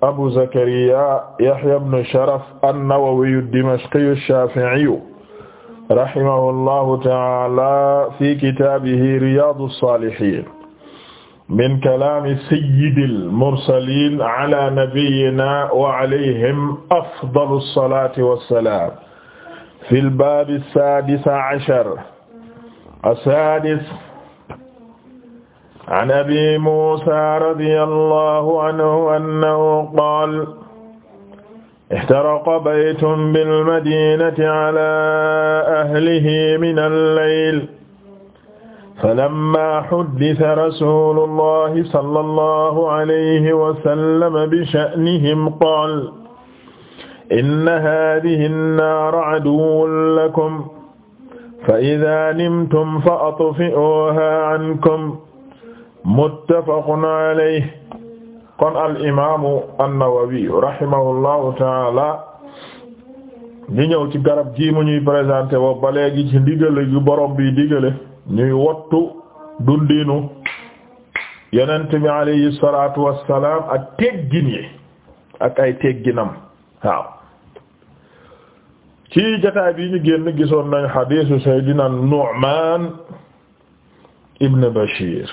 abu zakariya yahya ibn sharaf an-nawawiyu ad-dimashqiyu ash-shafi'iyu rahimahullahu ta'ala fi kitaabihi riyaadu s-saalihiin min kalaami sayyidil mursaliin ala nabiyyinaa wa alayhim afdalu s-salaati was-salaam fil baabi as-saadis ashar as-saadis an abi musa radiyallahu anhu annahu qaala ihtaraqa baytun bilmadinati ala ahlihi min al-layl falamma huddisa rasuulullahi sallallahu alayhi wa sallam bisha'nihim qaala inna haadihi an-naara aduwwun lakum fa idhaa nimtum fa atfi'uuhaa ankum muttafaqun alayhi kon al imaamu an-Nawawi rahimahullahu taala di ñëw ci garab gii mu ñuy présenté woo ba léegi ci ndigale gi borom bi digale ñuy wottu dundinu yonent bi alayhi salaatu wassalaam ak teggin yi ak ay tegginam waaw ci jotaay bi ñu génn gisoon nañ hadiisu Seydina Nu'maan ibn Bashir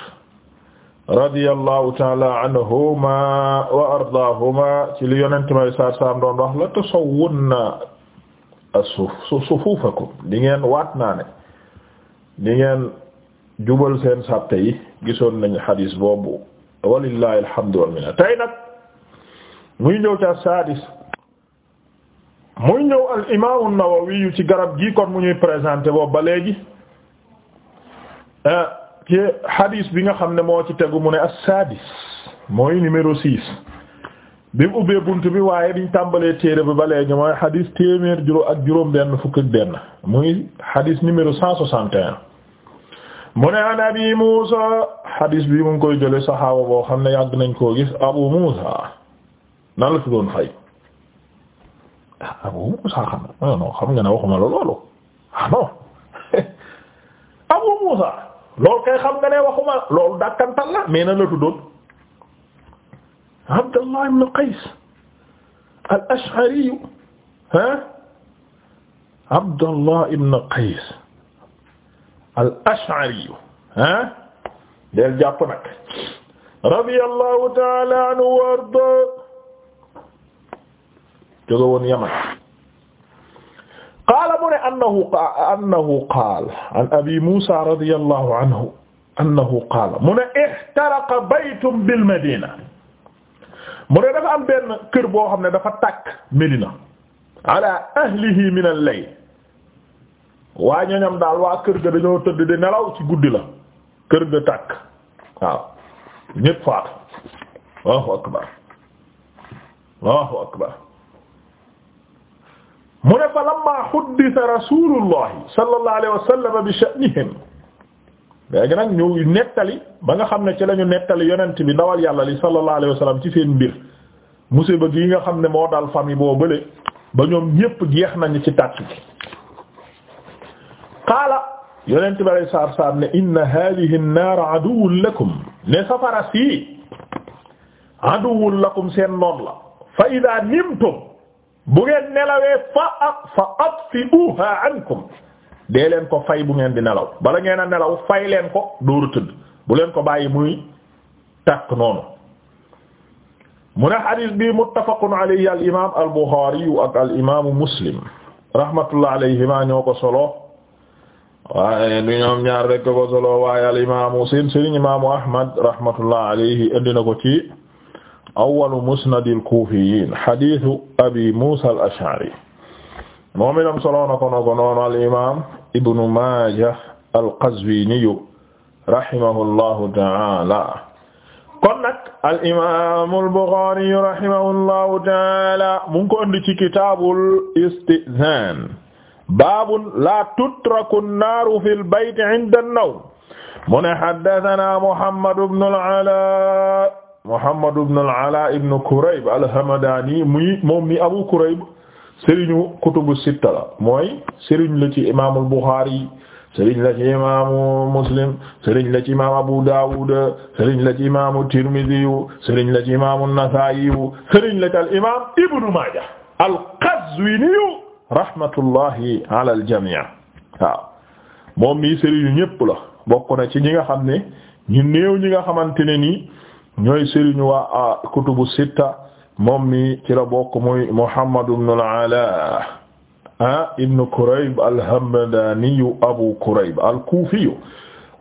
radiyallahu taala anhuma wa ardaahuma ci li yonent may saar saam doon wax la tasawwunna asuf sufuufakum di ngeen waat naa ne di ngeen jubal seen sàppe yi gisoon nañu xadiis boobu walillahi alhamdu wal minna tey nag muy ñëw ca saadis muy ñëw al imaamu Nawawi yu ci garab gi kon mu ñuy présenté boobu ba léegi eh, ci hadis bi nga xam ne moo ci tegu mu ne ak sadis mooy numéro six bi mu ubbee bunt bi waaye biñ tàmbalee téere bi ba léegi mooy hadis téeméer juróom ak juróom benn fukk ak benn muy hadis numéro cent soixante un mu ne an abi Musa hadis bi mu ngi koy jële saxaaba boo xam ne yàgg nañ koo gis Abu Musa nan la fi doon fay Abu Musa xam non non xam nga ne waxuma la loolu ah Abu Musa loolu kay xam nga ne waxuma loolu dàkkantal la mais na la tuddoon Abdallah ibn Qays al-Ash'ari ah Abdallah ibn Qays al-Ash'ari ah del jàpp nag radiyallahu ta'ala anhu warda jóge woon Yaman annahu annahu qaal an abi Muusa radiyallahu anhu annahu qaala mu ne ihtaraqa baytun bil Madina mu ne dafa am benn kër boo xam ne dafa tàkk Medina ala ahlihi min al-layl waa ñoñam daal waa kër ga dañoo tëdd di nelaw ci guddi la kër ga tàkk waaw ñépp faatu Allahu akbar Allahu akbar mu ne fa lamma xuddisa rasulullahi sallallahu alayhi wa sallam bi sha'nihim léegi nag ñu nettali ba nga xam ne ci lañu ñu nettali yonent bi ndawal yàlla li sallallahu alayhi wa ci seen mbir musiba gi nga xam ne moo dal famille boo bële ba ñoom ñépp jeex nañu ci tàkk ci qaala yonent bi alayhi salaatu wa salaam ne inna haadihi an-naar aduwwun lakum ne safara si aduwwun lakum seen noon la fa idaa nimtum bu ngeen nelawee fa fa atfi'uha ankum dee leen ko fay bu ngeen di nelaw bala ngeen a nelaw fay leen ko dooru bu leen ko bàyyi muy takk noonu mu ne bi muttafaqun alayhi al imam al buxaari ak al imaamu muslim rahmatullah alayhima ñoo ko solo waaye du ñoom ko solo waaye al imaamu seen sëriñ imaamu ahmad rahmatullah alayhi indi na ko ci awwalu musnadil kuufiyiin hadiisu abi Muusaa al-Ash'ari moom itam solo na ko noonu al-imaam Ibnu Maaja al-Qazwiini rahimahullahu ta'aala kon nag al-imaam al-Buxaari rahimahullahu ta'aala mu ngi ko indi ci kitaabul istizaan baabun laa tutraku naaru fil bayti inda an-nawm mu ne haddasanaa Muhammad ibnu al-Alaa Muhammad ibn al-Ala ibn Kurayb al-Hamadani muy moom mi Abu Kurayb sëriñu kutubu sitta la mooy sëriñ la ci imaamul Bukhari sëriñ la ci imaamu Muslim sëriñ la ci imaamu Abu Dawud sëriñ la ci imaamu Tirmidhi sëriñ la ci imaamu Nasa'i sëriñ la ci al imaam Ibn Majah al-Qazwini rahmatullahi ala al-jami' waaw moom mi sëriñu ñépp la bokk na ci ñi nga xam ne ñu néew ñi nga xamante ne nii. ñooy sëriñu waa ah, kutubu sitta moom mi ci la bokk muy Muhammad ibn al-Ala ah ibn Kurayb al-Hamdani Abu Kurayb al-Kufi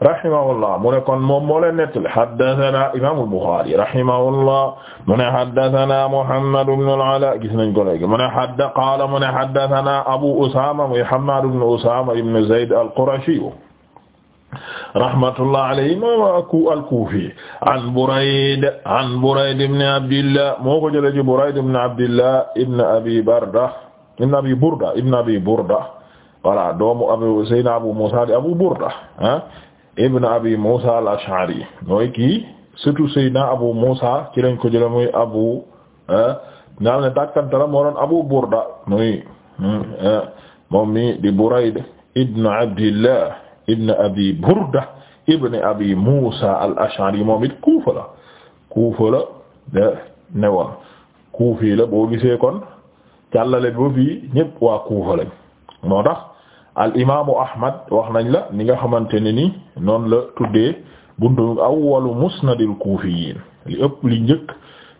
rahimahullah mu ne kon moom moo leen nettali haddathana imam al-Bukhari rahimahullah mu ne haddathana Muhammad ibn al-Ala gis nañ ko léegi mu ne hadda qaala mu ne haddathana Abu Usama muy Hammad ibn Usama ibn Zayd al-Qurashi rahmatullah alayhi ma ku al-Kufi an Burayd an Burayd ibn Abdillah moo ko jëlee ci Burayd ibn Abdillah ibn Abi Barda ibn Abi Burda ibn Abi Burda voilà doomu Abu Sayyidina Abu Musa di Abu Burda ah ibn Abi Musa al-Ash'ari mooy kii surtout Sayyidina Abu Musa ci lañ ko jëlee muy Abu ah naa ne dàqantara moo doon Abu Burda muy hmm, ah, moom mi di Burayd ibn Abdillah ibn abi burda ibn abi musa al yi moom it kuufa la kuufa la de newoon kuufi la boo gisee kon càllale ba fii ñëpp waa kuufa moo tax al imaamu ahmad wax nañ la ni nga xamante ne ni noonu la tuddee buntu awwalu musnadil kuufiyiin li ëpp li njëkk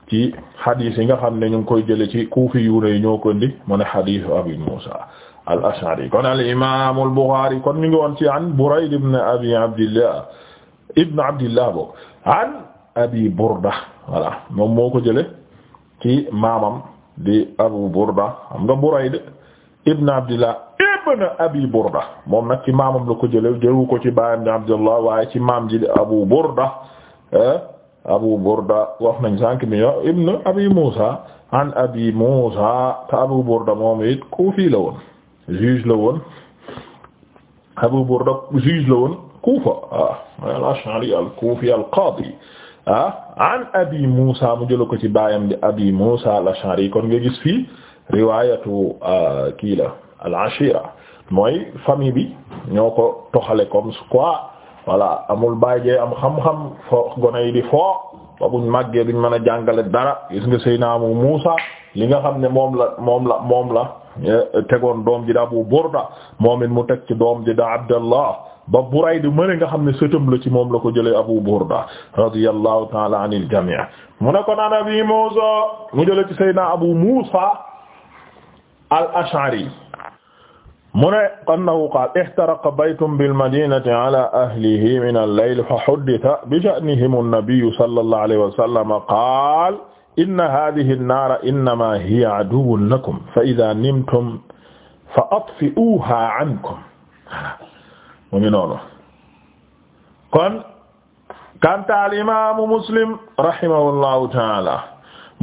ci xadiis yi nga xam ne ñu ngi koy jële ci kuufi yu ne ñoo ko indi mu ne xadiisu abi musa al ashari kon al imaam al buxaari kon mi ngi woon ci an burayd ibn abi abdillah ibn abdillah bo an abi burda voilà moom moo ko jële ci maamam di abu burda xam nga burayd ibn abdillah ibn abi burda moom nag ci maamam la ko jële jëwu ko ci baayam di abdillah waaye ci maam ji di abu burda eh, abu burda wax nañ sànq mi yo ibn abi musa an abi musa te abu burda moom it kufi la woon juge la woon Abu Burda juge la woon Kufa ah al ah, an Abi Musa mu jëla ko ci baayam di Abi Musa al kon nga gis fii riwaayatu ah, kii la mooy famille bi ñoo ko toxale kom quoi voilà amul bàyjee am xam-xam fo yi di foo ba buñ màggee duñ mën a jàngale dara gis nga Seydina Abu li nga xam ne moom la moom la moom la tegoon doom ji da Abu Burda moom it mu teg ci doom ji da Abdallah ba Burayd mëne nga xam ne sëtam la ci moom la ko jëlee Abu Burda radiyallahu ta'ala anil jami' mu ne ko naan Abi Musa mu jëlee ci Seydina Abu Musa al-Ash'ari mu ne annahu qaala ihtaraqa baytun bil-madinati ala ahlihi min al-layl fa hudditha bi sha'nihim an-nabiyyu sallallahu alayhi wa sallam qaala inna haadihi nnaara innamaa hiya aduwwun lakum fa idaa nimtum fa atfi'uuhaa ankum mu ngi noonu kon kanta al imaamu muslim rahimahullahu taala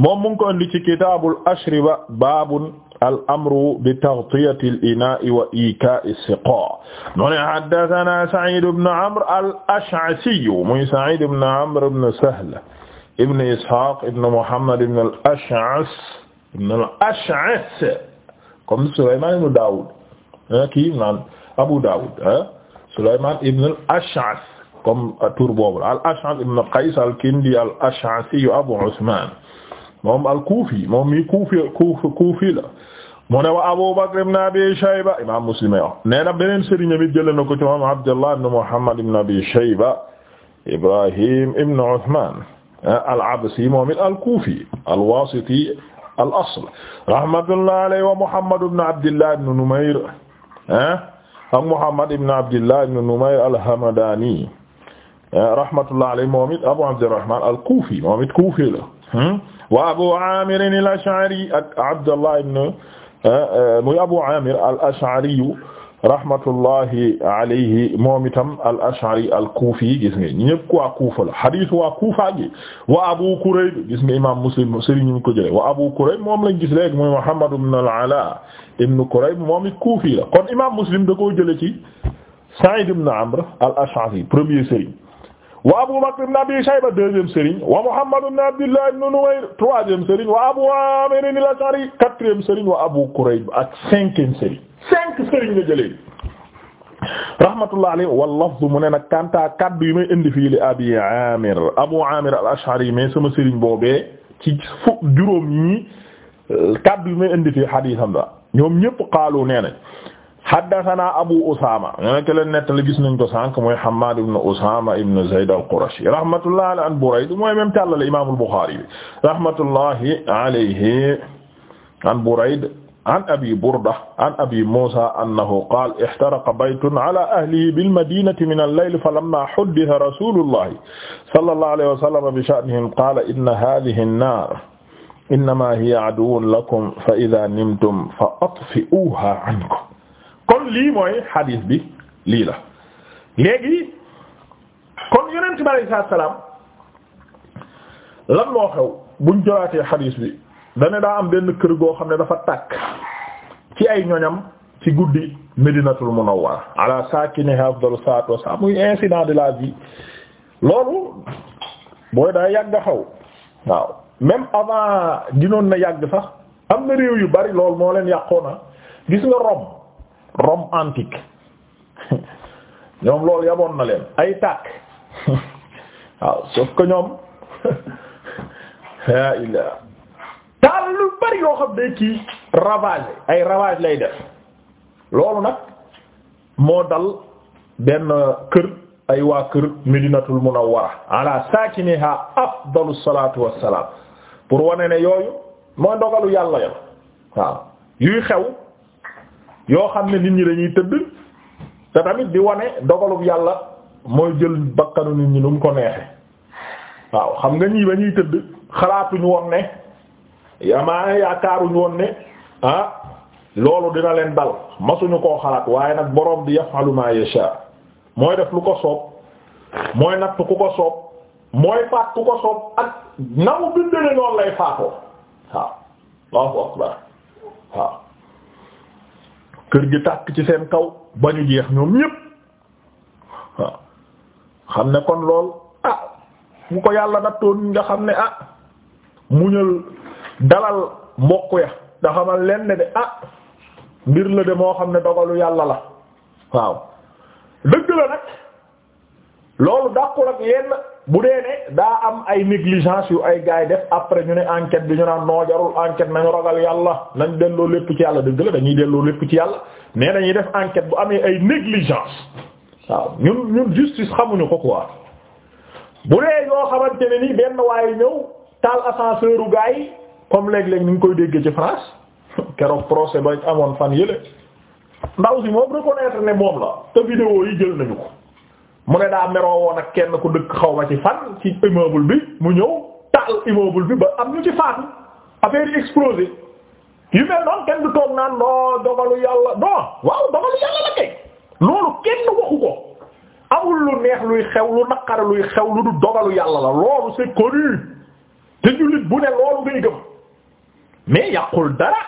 moom mu ngi ko indi ci kitaabul ashriba baabun al amru bi taghtiyati al inaa'i wa iikaa'i siqaa' mu ne haddathanaa Sa'iid ibn Amr al Ash'asi muy Sa'iid ibn Amr ibn Sahl ibn Ishaq ibn Muhammad ibn al-Ash'as ibn al-Ash'as comme Sulaymaan ibn Daawud kii naan Abu Daawud Sulaymaan ibn al-Ash'as comme tur boobu al-Ash'as ibn Qays al-Kindi al-Ash'asi Abu Usmaan moom al-Kuufi moom mi Kuufi Kuufi la mu ne wa Abu Bakr ibn Abi Shayba imaam Muslim nee na beneen sëriñ bi jël na ko ci moom Abdullah ibn Muhammad ibn Abi Shayba Ibrahim ibn Usmaan Eh, al-Absi moom it al-Kufi al-Wasiti al-asl rahmatullahi alayhi wa Muhammad ibn Abdillah ibn Numayr eh, ak Muhammad ibn Abdillah ibn Numayr al-Hamadani eh, rahmatullahi alayhi moom it Abu Abdirrahman al-Kufi moom it Kufi la hmm? wa Abu Amir al-Ash'ari ak Abdullah ibn muy Abu Amir al-Ash'ari rahmatullahi alayhi moom itam al ashari al kuufi gis nga ñëpp waa kuufa la hadith waa kuufa gi wa abu kurayb gis nga imaam muslim sëriñ ñu ko jëlee wa abu kurayb moom lañ gis léegi mooy muhammad ibn al ala ibn kurayb moom it kuufi la kon imaam muslim da koo jëlee ci sa'id ibn amr al ashari premier sëriñ wa Abu Bakr ibn Abi Shayba deuxième sëriñ wa Muhammad ibn Abdullah ibn Numayr troisième sëriñ wa Abu Amir al-Ash'ari quatrième sëriñ wa Abu Kurayb ak cinquième sëriñ cinq sëriñ nga jëlee rahmatullah alayhi wal lafz mu ne nag kanta kaddu yi may indi fii li Abi Amir Abu Amir al-Ash'ari mais sama sëriñ boobee ci fu juróom ñi kaddu yi may indi fii xadiisam la ñoom ñépp xaalu nee nañ haddathana abu usama ñu ne keleen nettali gis nañ ko sànq mooy hammad ibn usama ibn zayd al-qurashi rahmatullahi alayhi an burayd mooy même tàllale imam al-bukhari bi rahmatullahi alayhi an burayd an abi burda an abi musa annahu qaala ihtaraqa baytun ala ahlihi bilmadinati min al-layl falamma hudditha rasulullahi sallallahu alayhi wa sallam bi sha'nihim qaala inna hadhihi an-nar innama hiya aduwwun lakum fa idha nimtum fa atfi'uha ankum lii mooy hadith bi lii la léegi kon yonent bi alayhi salaam lan moo xew buñ joraatee hadith bi dane daa am benn kër goo xam ne dafa takk ci ay ñoñam ci guddi Medinatul Munawwara ala sakiniha afdalu salaatu wassalaam muy incident de la vie loolu booy daa yàgg xaw waaw même avant dinoon na yàgg sax am na réew yu bari lool moo leen yàqoona gis nga Rome Rome antique ñoom loolu yaboon na leen ay tàkk waaw sauf que ñoom yaa illah taal lu bari yoo xam day kii ravage ay ravage lay def loolu nag moo dal benn kër ay waa kër Medinatul Munawwara ala saakiniha afdalu salaatu wassalaam pour wane ne yooyu moo ndogalu yàlla ya waaw yuy xew yoo xam ne nit ñi dañuy tëdd te tamit di wane dogalub yàlla mooy jël bakkanu nit ñi nu mu ko neexe waaw xam nga ñii ba ñuy tëdd xalaatuñu woon ne yamaana yaakaaruñu woon ne ah loolu dina leen dal masuñu koo xalaat waaye nag boroom di yafalu ma yasha mooy def lu ko soob mooy natt ku ko soob mooy faat ku ko soob ak na mu bindale lay faatoo waaw Allahu waaw kër gi tàkk ci seen kaw ba ñu jeex ñoom ñépp waaw xam ne kon lool ah bu ko yàlla nattoon nga xam ne ah muñal dalal mbokk ya nga xamal leen ne de ah mbir la de moo xam ne dogalu yàlla la waaw dëgg la nag loolu dàqul ak yenn bu dee ne daa am ay négligence yu ay gaay def après ñu ne enquête bi ñu naan noo jarul enquête nañu ragal yàlla nañ delloo lépp ci yàlla dëgg la dañuy delloo lépp ci yàlla mais dañuy def enquête bu amee ay négligence waaw ñun ñun justice xamuñu ko quoi bu dee yoo xamante ne ni benn waaye ñëw taal ascenseur u gaay yi comme léeg-léeg ñu ngi koy déggee ci France keroog procès ba amoon fan yële ndaw si moom reconnaître ne moom la te vidéo yi jël nañu ko. mu ne daa meroo woon ak kenn ku dëkk xaw ma ci fan ci immeuble bi mu ñëw taal immeuble bi ba am ñu ci faatu affaire yi explosé yu mel noonu kenn du toog naan non dogalu yàlla non waaw dogalu yàlla la kay loolu kenn waxu ko amul lu neex luy xew lu naqare luy xew lu du dogalu yàlla la loolu c'est connu te jullit bu ne loolu ngay gëm mais yàqul dara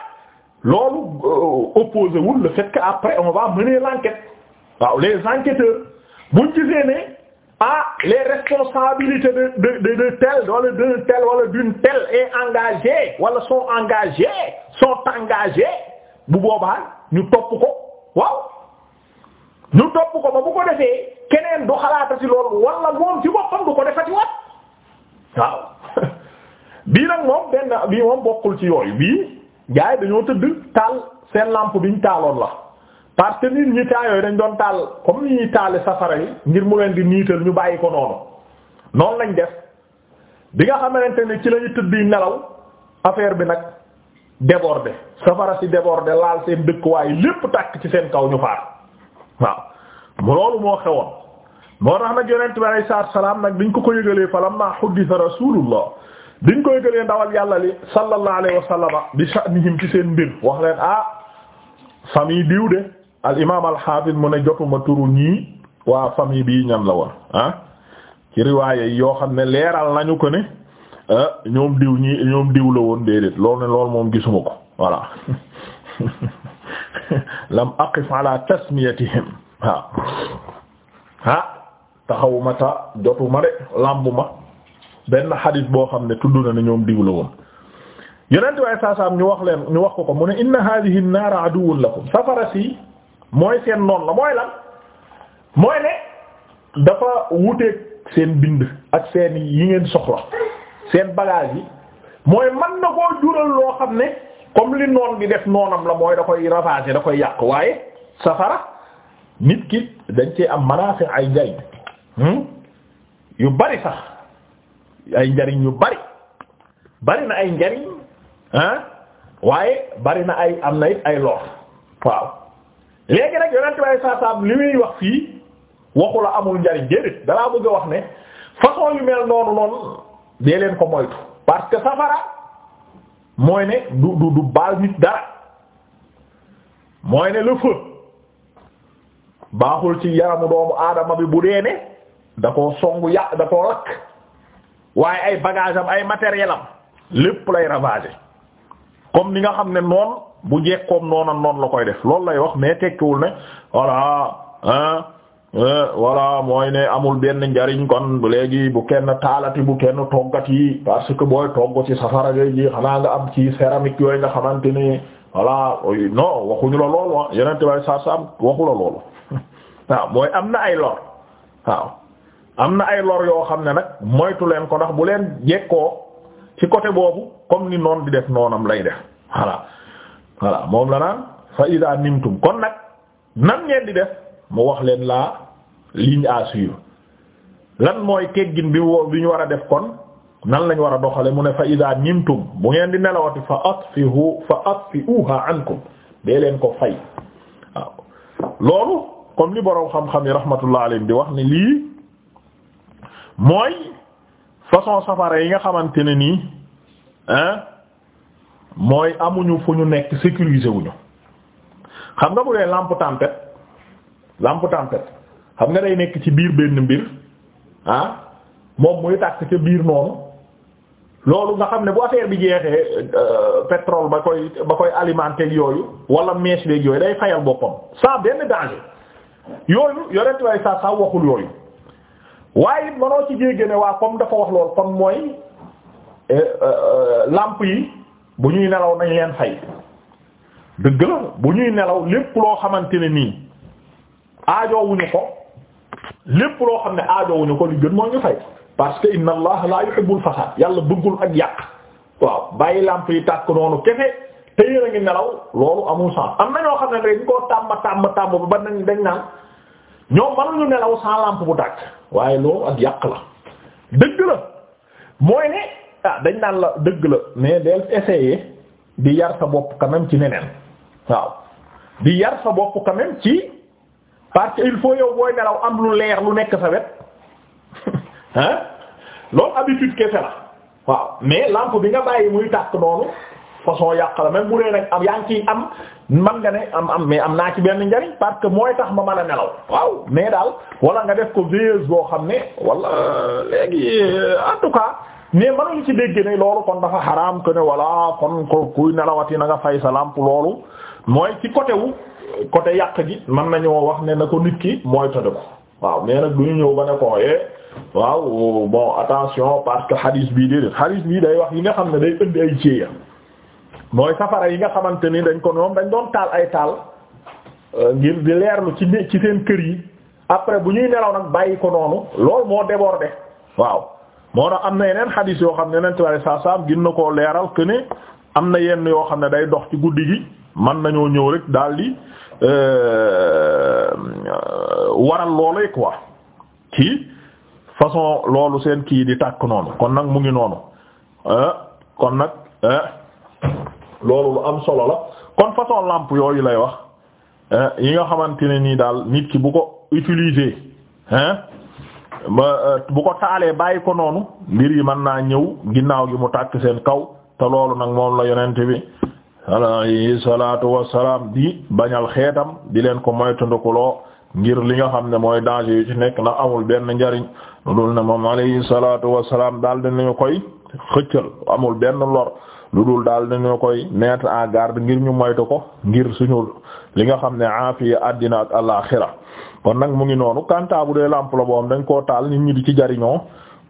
loolu euh, opposé wul le fait que après on va mener l'enquête waaw les enquêteurs. bu gisee ni ah les responsabilités de de de de tel wala d'un tel wala d'une telle est engagée wala sont engagées sont engagées bu boobaa ñu topp ko waaw ñu topp ko ba bu ko defee keneen du xalaatati loolu wala moom ci boppam du ko defati wat waaw bii nag moom benn bii moom bokkul ci yooyu bii gars yi dañoo tëdd taal seen lampe biñ taaloon la. parce que nit ñu temps yooyu dañ doon taal comme ni ñuy safara yi ngir mu leen di niital ñu bàyyi ko noonu noonu lañ def bi nga xamante ne ci lañu ñu tëdd nelaw affaire bi nag débordé safara si débordé laal seen dëkkuwaay lépp tàkk ci seen kaw ñu faat waaw mu loolu moo xewoon moo tax nag yonent bi alayhi salaatu salaam nag biñ ko ko yëgalee falamma huddisa rasulullah biñ ko yëgalee ndawal yàlla li sallallahu alayhi wa sallama bi sha'nihim ci seen mbir wax leen ah famille diw al imaam al xaafis mu ne jotuma turu ñii waa famille bii ñam la woon ah, ci riwaaya yi yoo xam ne leeral nañu ko ne ah, ñoom diw ñii ñoom diw la woon déedéet loolu ne lool moom gisuma ko voilà lam aqif ala tasmiyatihim waaw ah taxawuma ta jotuma de làmbuma benn xadis boo xam ne tudd na ne ñoom diw la woon yeneen waaye saa saam ñu wax leen ñu wax ko ko mu ne inna hadhihi an-nar aduwwun lakum safara si mooy seen noon la mooy la mooy ne dafa wuteeg seen bind ak seen yi ngeen soxla seen bagage yi mooy mën na koo jural loo xam ne comme li noon gi def noonam la mooy da koy ravager da koy yàq waaye safara nit ki dañ cee am manaafi ay njariñ hmm? yu bari sax ay njariñ yu bari bari na ay njariñ ah waaye bari na ay am na it ay lor waaw léegi nag yonent bi saa li muy wax fii waxu la amul njariñ déedéet dalaa bëgg a wax ne façon yu mel noonu noonu dee leen ko moytu parce que safara mooy ne du du du baal nit dara mooy ne le baaxul ci yaramu doomu aadama bi bu dee ne da koo songu yàq da koo lakk waaye ay bagage ay matériel am lépp lay ravager comme ni nga xam ne noon bu jekkoom noona noonu la koy def loolu lay wax mais tekkiwul ne voilà ah mooy ne amul benn njariñ kon léegi bu kenn taalati bu kenn toggati parce que booy togg ci safara ji xanaa nga am ci céramique yooyu nga xamante ni voilà non waxuñu la loolu ah yeneen tubaab saa saa waxu la loolu waaw mooy am na ay lor waaw am na ay lor yoo xam ne nag moytu leen ko ndax bu leen jekkoo ci côté boobu comme ni noon di def noonam lay def voilà. voilà moom la naan fa ida nimtum kon nag nan ngeen di def mu wax leen laa ligne à suivre lan mooy teggin bi wo bi ñu war a def kon nan lañ war a doxale mu ne fa ida nimtum bu ngeen di nelawati fa atfihu fa atfiuha ankum dee leen ko fay waaw loolu comme li boroom xam-xam yi rahmatullah alayhi di wax ne lii mooy façon safara yi nga xamante ne nii mooy amuñu fu ñu nekk sécuriser wuñu xam nga bu dee lampe tempête lampe tempête xam nga day nekk ci biir benn mbir ah moom muy tàkk ca biir noonu loolu nga xam ne bu affaire bi jeexee euh, pétrole ba koy ba koy alimenter yooyu wala mèche beeg yooyu day fayal boppam saa benn danger yooyu yorenti waaye saa saa waxul yooyu waaye it manoo ci jéggi ne waa comme dafa wax lool kon mooy euh, euh, lampe yi. bu ñuy nelaw nañ leen fay dëgg la bu ñuy nelaw lépp loo xamante ne nii aajoowuñu ko lépp loo xam ne aajoowuñu ko li gën moo ñu fay parce que inna allah la yuhibbul fasad yàlla bëggul ak yàq waaw bàyyi làmp yi tàkk noonu kefe te yéen a ngi nelaw loolu amul sens am na ñoo xam ne rek koo tàmm tàmm tàmm ba dañ dañ naan ñoom mënuñu nelaw sans lampe bu tàkk waaye loolu ak yàq la dëgg la mooy ne ah dañ naan la dëgg la mais del essayer di yar sa bopp quand ci neneen waaw di yar sa bopp quand ci parce il faut yow booy nelaw am lu leer lu nekk sa wet hein loolu habitude kese la waaw mais lampe bi nga bàyyi muy tàkk noonu façon yàq la même bu dee nag am yaa ngi ciy am man nga ne am am mais am naa ci benn njariñ parce que mooy tax ma mën a nelaw waaw mais daal wala nga def ko veilleuse boo xam ne wala euh, léegi euh, en tout cas mais mënuñu ci dégg ne loolu kon dafa xaraam que ne walla kon ko kuy nelawati na nga fay sa lampe loolu mooy ci côté wu côté yàq gi mën nañoo wax ne na ko nit mooy tode ko waaw mais nag bu ñu ñëw ba ne ko eh waaw bon attention parce que hadis bii déedéet hadis bii day wax yi nga xam ne day indi ay jéeya mooy safara yi nga xamante ni dañ ko ñoom dañ doon taal ay taal euh, ngir di leerlu ci ci seen kër yi après bu ñuy nelaw nag bàyyi ko noonu loolu moo débordé waaw. moo tax am na yeneen xadiis yoo xam ne yeneen tubaab yi saa saam gën na koo leeral que ne am na yenn yoo xam ne day dox ci guddi gi mën nañoo ñëw rek daal di euh, waral loolee quoi ci façon loolu seen kii di tàkk noonu kon nag mu ngi noonu euh, kon nag euh, loolu lu am solo la kon façon lampe yooyu lay wax yi nga xamante ne nii daal nit ki bu ko utiliser hein Euh, bu ko taalee bàyyi ko noonu mbir yi mën naa ñëw ginnaaw gi mu tàkk seen kaw te loolu nag moom la yonent bi alayhi salaatu wassalaam di bañal xeetam di leen ko loo ngir li nga xam ne mooy danger yu ci nekk na amul benn njariñ lu dul ne moom alayhi salaatu wassalaam daal dinañu koy xëccal amul benn lor lu dul daal dinañu koy neet en garde ngir ñu moytu ko ngir suñu li nga xam ne aafiya àddina ak alaaxira kon nag mu ngi noonu kanta bu dee lampe la boobu dañ koo taal nit ñi di ci jariñoo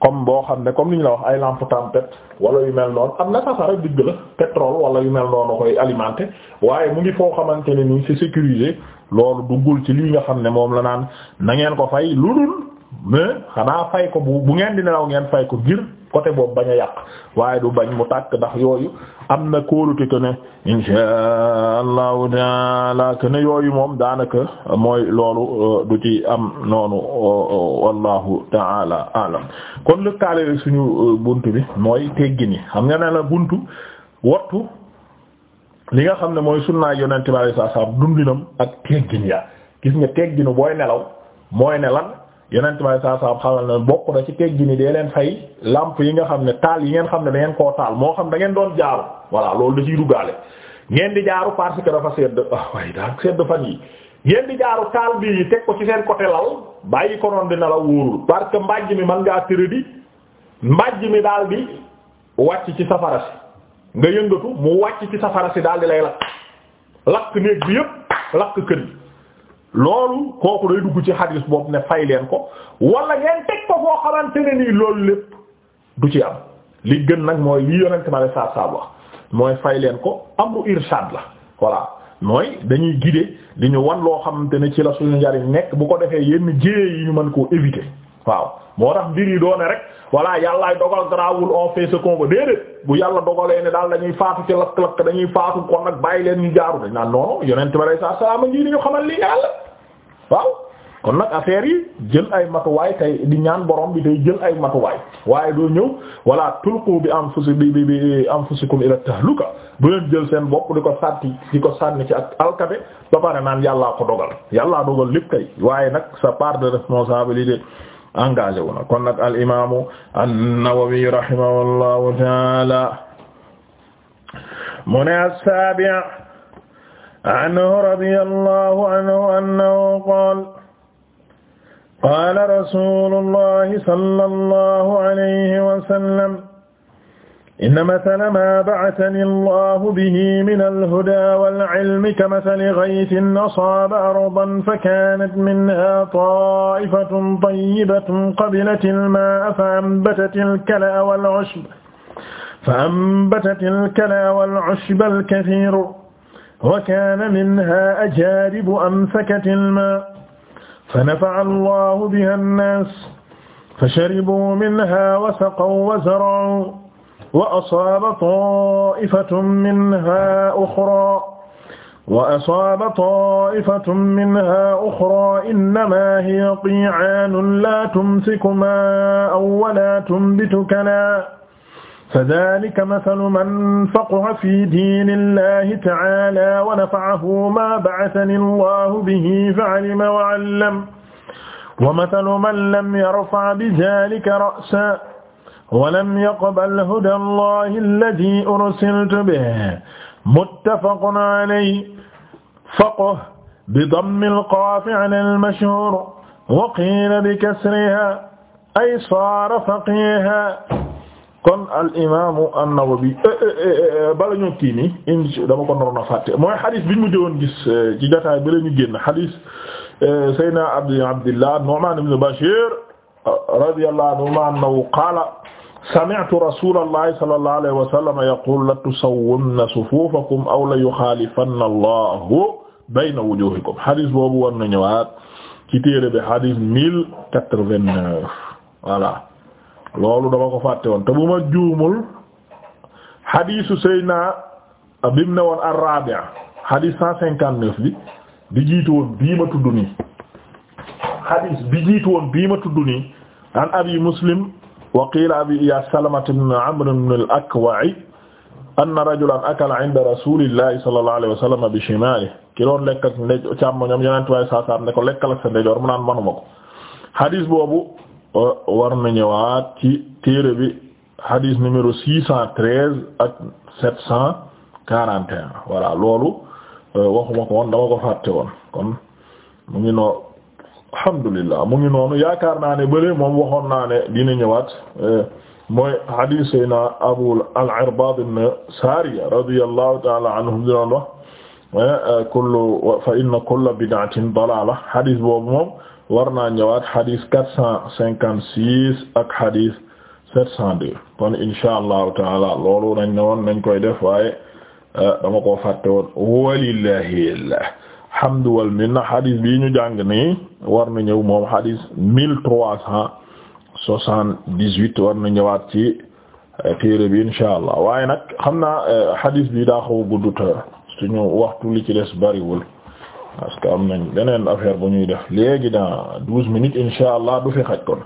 comme boo xam ne comme li ñu la wax ay lampe tempête wala yu mel noonu am na safara digg la pétrole wala yu mel noonu koy alimenté waaye mu ngi foo xamante ne ni si sécurisé loolu duggul ci lii nga xam ne moom la naan na ngeen ko fay lu dul mais xanaa fay ko bu bu ngeen di nelaw ngeen fay ko ngir côté boobu bañ a yàq waaye du bañ mu tàkk ndax yooyu am na kóolute que ne insha allahu taala que ne yooyu moom daanaka mooy loolu euh, du ci am noonu euh, euh, wallahu taala alam kon lëkkaale suñu bunt bi mooy teggini xam nga ne la buntu wattu li nga xam ne mooy sunnaay naa bi sallallahu alayhi wasallam dundinam ak teggin ya gis nga tegginu booy nelaw mooy ne yeneen tubaab yi saa saa xamal ne bokk na ci teg gi ni dee leen fay lamp yi nga xam ne taal yi ngeen xam ne da ngeen koo taal moo xam da ngeen doon jaaru voilà loolu da ciy duggaale ngeen di jaaru parce que dafa sedd ah waaye daal sedd fan yi ngeen di jaaru taal bi teg ko ci seen côté lal bàyyi ko noonu dina la wóorul parce que mbàjj mi man ngaa tëradi mbàjj mi daal di wàcc ci safara si nga yëngatu mu wàcc ci safara si daal di lay lakk lakk néeg bi yëpp lakk kër gi loolu kooku day dugg ci xadis boobu ne fay leen ko wala ngeen teg ko foo xamante ne nii loolu lépp du ci am li gën nag mooy li yonent ma la saab saab wax mooy fay leen ko am amru irshad la voilà mooy dañuy guider di ñu wan loo xamante ne ci la suñu njariñ nekk bu ko defee yenn jéyee yi ñu mën koo éviter waaw moo tax mbir yi doone rek voilà yàllaay dogal garaawul on fait ce qu'on veut bu yàlla dogalee ne daal dañuy faatu ci lakk-lakk dañuy faatu kon nag bàyyi leen ñu jaaru dañ naan noonu yonent bi saa salaama ngi ñu xamal lii yàlla waaw kon nag affaire yi jël ay matuwaay tey di ñaan borom bi tey jël ay matuwaay waaye doo ñëw wala tulqu bi anfusi bi bi bi anfusikum ila tahluka bu leen jël seen bopp di ko sànni di ko sànni ci ak alkabe ba pare naan yàllaa ko dogal yàlla dogal lépp kay waaye nag sa part de responsabilité engagé wu na kon nag al imaamu an-Nawawi rahimahullahu taala mu ne as-saabi' anhu radiyallahu anhu annahu qaala qaala rasuulullahi sallallahu alayhi wa sallam inna mathala maa ba'athani allahu bihi mina al-hudaa wal-'ilmi kamathali ghaythin asaaba ardan fakaanat minhaa taa'ifatun tayyibatun qabilat al-maa'a fa-anbatat al-kala'a wal-'ushba fa-anbatat al-kala'a wal-'ushba al-kathiira wa kaana minhaa ajaadibu amsakat al-maa'a fanafa'a allahu bihaa an-naas fasharibuu minhaa wa saqaw wa zara'uu wa asaaba taa'ifatun minhaa uxraa wa asaaba taa'ifatun minhaa uxraa innamaa hiya qii'aanun laa tumsiku maa'an wa laa tunbitu kanaa fadaalika masalu man faqiha fii diinillaahi ta'aalaa wa nafa'ahu maa ba'athani Allaahu bihi fa'alima wa 'allama wa masalu man lam yarfa' bi dhaalika ra'san walam yaqbal huda allahi alladi ursiltu bihi muttafaqun alayhi faqih bi dammi alqaafi ala almashhuur wa qiila bi kasrihaa ay saara faqiiha kon al imaamu an-Nawawi eh, eh, eh, bala ñu kii nii in dama ko naroon a fàtte mooy xadis bi ñu mujj woon gis ci jotaay bi la ñu génn xadis Seydina Abdi Abdillah Nu'maan ibn Bashiir radiyallahu anhu qaala sami'tu rasulallahi sallallahu alayhi wa sallam yaqul la tusawwunna sufufakum aw la yuxaalifanna allahu bayna wujuhikum xadis boobu war na ñëwaat ci téere bi xadis mille quatre-vingt-neuf voilà loolu dama ko fàtte woon te bu ma juumul xadisu Seyna bi mu ne woon ar-rabi' xadis cent cinquante-neuf bi bi jiitu woon bii ma tudd nii xadis bi jiitu woon bii ma tudd nii an abi muslim wa qiila abi Iyaas Salamata ibn Amr ibn al-Akwa' anna rajulan akala 'inda rasulillahi sallallahu alayhi wa sallam bi shimaalihi ki doon lekk ak mu naan manuma ko hadis boobu euh, war na ñëwaat ci téere bi cent treize ak loolu euh, waxuma ko woon dama ko fàtte kon mu ngi noo. alhamdulillah mu ngi noonu yaakaar naa ne bële moom waxoon naa ne dina ñëwaat eh, mooy hadith sayna Abu al-Irbad ibn Sariya radiyallahu ta'ala anhum dinoon wax eh, eh, kullu fa inna kulla bid'atin war naa ñëwaat hadith quatre cent cinquante six ak hadith sept cent deux kon insha allahu taala loolu nañ ne woon koy def waaye dama koo fàtte hamdu wal minna xadis bii ñu jàng ni war na ñëw moom xadis mille trois cent soixante-dix-huit war na ñëwaat ci euh, téere bi insha allah waaye nag xam naa euh, xadis bi daa xaw gudd te suñu waxtu li ci des bariwul parce que am nañ beneen affaire bu ñuy def léegi dans douze minutes insha allah du fi xaj kon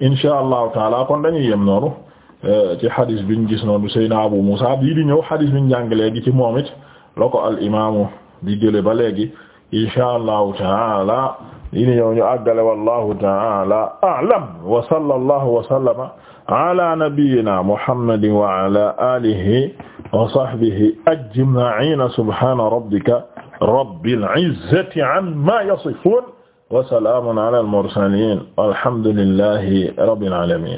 insha allah taala kon dañuy yem noonu euh, ci xadis biñ gis noonu Seydina Abu Musa bii di ñëw xadis biñ jàng léegi ci moom it la ko al imaamu di jële ba léegi insha allahu taala yi ni ñëw ñu àggale wallahu taala a'lam wa sallallahu wa sallama ala nabiyyina muhammadin wa ala alihi wa sahbihi ajma'ina subhana rabbika rabbil izzati amma yasifun wa salamun ala al mursalin walhamdulillahi rabbil alamin